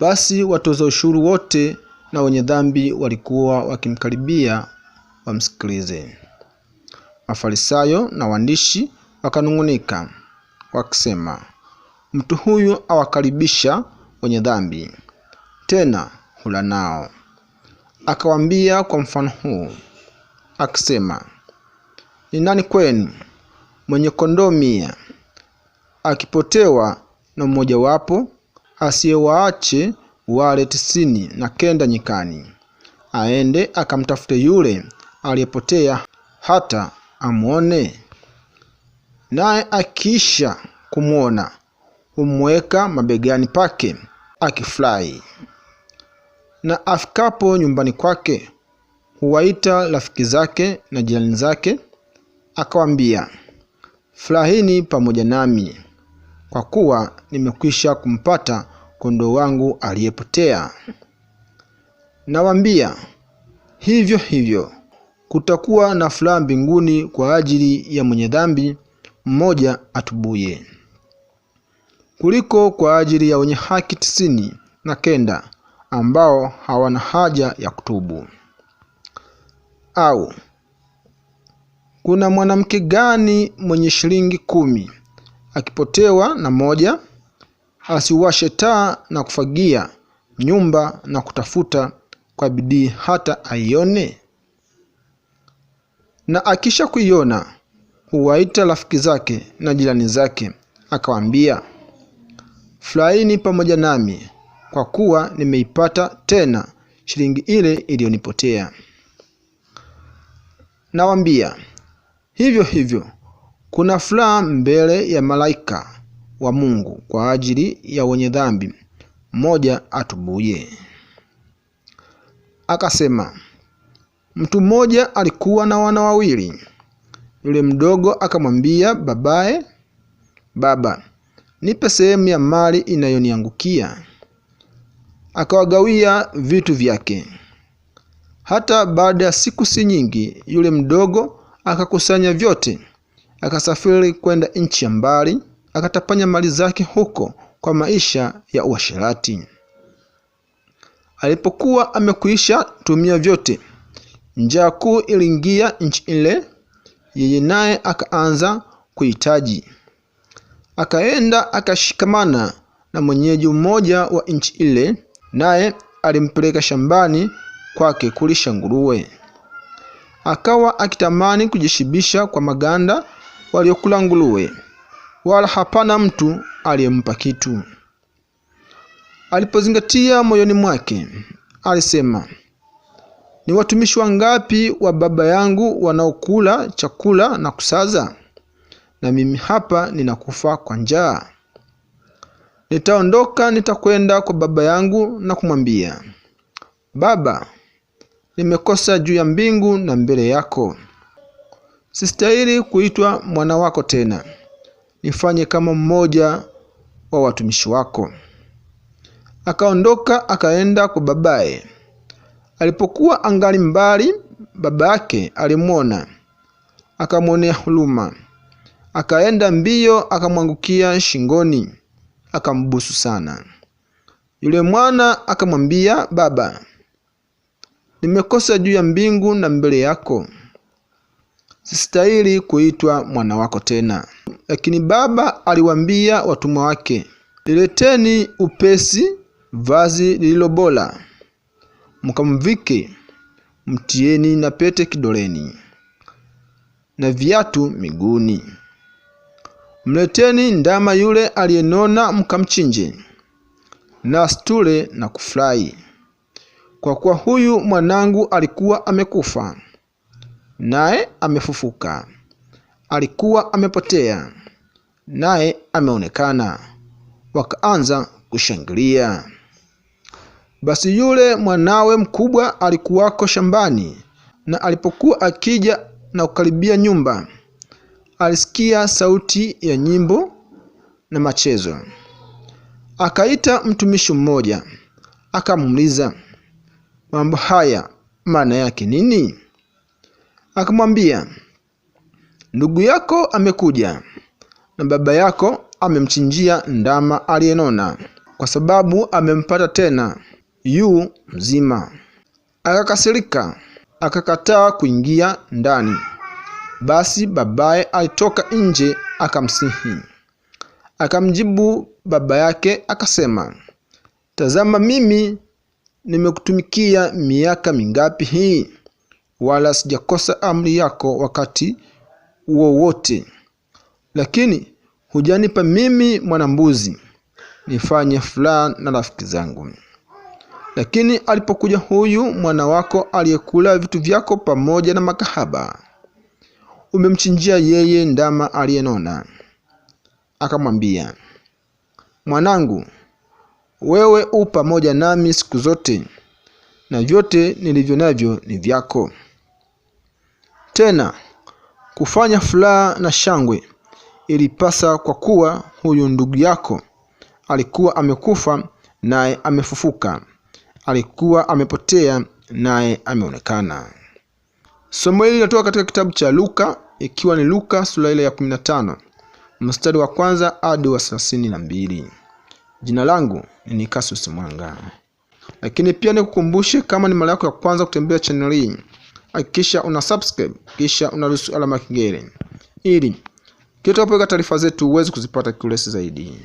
Basi watoza ushuru wote na wenye dhambi walikuwa wakimkaribia wamsikilize. Mafarisayo na waandishi wakanung'unika wakisema, mtu huyu awakaribisha wenye dhambi, tena hula nao. Akawaambia kwa mfano huu akisema, ni nani kwenu mwenye kondoo mia akipotewa na mmojawapo asiyewaache wale tisini na kenda nyikani, aende akamtafute yule aliyepotea hata amwone. Naye akiisha kumwona humweka mabegani pake akifurahi, na afikapo nyumbani kwake huwaita rafiki zake na jirani zake, akawambia furahini pamoja nami, kwa kuwa nimekwisha kumpata kondoo wangu aliyepotea. nawambia hivyo hivyo kutakuwa na furaha mbinguni kwa ajili ya mwenye dhambi mmoja atubuye kuliko kwa ajili ya wenye haki tisini na kenda ambao hawana haja ya kutubu. Au kuna mwanamke gani mwenye shilingi kumi akipotewa na moja asiwashe taa na kufagia nyumba na kutafuta kwa bidii hata aione? Na akisha kuiona huwaita rafiki zake na jirani zake, akawaambia, furahini pamoja nami kwa kuwa nimeipata tena shilingi ile iliyonipotea. Nawaambia, hivyo hivyo kuna furaha mbele ya malaika wa Mungu kwa ajili ya wenye dhambi, mmoja atubuye. Akasema, mtu mmoja alikuwa na wana wawili. Yule mdogo akamwambia babaye, Baba, nipe sehemu ya mali inayoniangukia. Akawagawia vitu vyake. Hata baada ya siku si nyingi, yule mdogo akakusanya vyote, akasafiri kwenda nchi ya mbali akatapanya mali zake huko kwa maisha ya uasherati. Alipokuwa amekwisha tumia vyote, njaa kuu iliingia nchi ile, yeye naye akaanza kuhitaji. Akaenda akashikamana na mwenyeji mmoja wa nchi ile, naye alimpeleka shambani kwake kulisha nguruwe. Akawa akitamani kujishibisha kwa maganda waliokula nguruwe wala hapana mtu aliyempa kitu. Alipozingatia moyoni mwake, alisema, ni watumishi wangapi wa baba yangu wanaokula chakula na kusaza, na mimi hapa ninakufa kwa njaa. Nitaondoka, nitakwenda kwa baba yangu na kumwambia, Baba, nimekosa juu ya mbingu na mbele yako, sistahili kuitwa mwana wako tena nifanye kama mmoja wa watumishi wako. Akaondoka akaenda kwa babaye. Alipokuwa angali mbali, baba yake alimwona, akamwonea huruma, akaenda mbio, akamwangukia shingoni, akambusu sana. Yule mwana akamwambia, Baba, nimekosa juu ya mbingu na mbele yako sistahili kuitwa mwana wako tena. Lakini baba aliwaambia watumwa wake, lileteni upesi vazi lililo bora, mkamvike, mtieni na pete kidoleni na viatu miguuni. Mleteni ndama yule aliyenona, mkamchinje, na stule na kufurahi, kwa kuwa huyu mwanangu alikuwa amekufa naye amefufuka. Alikuwa amepotea, naye ameonekana. Wakaanza kushangilia. Basi yule mwanawe mkubwa alikuwako shambani, na alipokuwa akija na kukaribia nyumba, alisikia sauti ya nyimbo na machezo. Akaita mtumishi mmoja, akamuuliza mambo haya maana yake nini? akamwambia, ndugu yako amekuja na baba yako amemchinjia ndama aliyenona, kwa sababu amempata tena yu mzima. Akakasirika, akakataa kuingia ndani. Basi babaye alitoka nje akamsihi. Akamjibu baba yake akasema, tazama, mimi nimekutumikia miaka mingapi hii wala sijakosa amri yako wakati wowote, lakini hujanipa mimi mwanambuzi nifanye fulani na rafiki zangu. Lakini alipokuja huyu mwana wako aliyekula vitu vyako pamoja na makahaba, umemchinjia yeye ndama aliyenona. Akamwambia, mwanangu, wewe u pamoja nami siku zote, na vyote nilivyo navyo ni vyako. Tena kufanya furaha na shangwe ilipasa, kwa kuwa huyu ndugu yako alikuwa amekufa naye amefufuka, alikuwa amepotea naye ameonekana. Somo hili linatoka katika kitabu cha Luka, ikiwa ni Luka sura ile ya 15 mstari wa kwanza hadi wa thelathini na mbili. Jina langu ni Nikasus Mwanga, lakini pia nikukumbushe, kama ni mara yako ya kwanza kutembea channel hii hakikisha una subscribe kisha unaruhusu alama kengele ili kitapoweka taarifa zetu uweze kuzipata kiurahisi zaidi.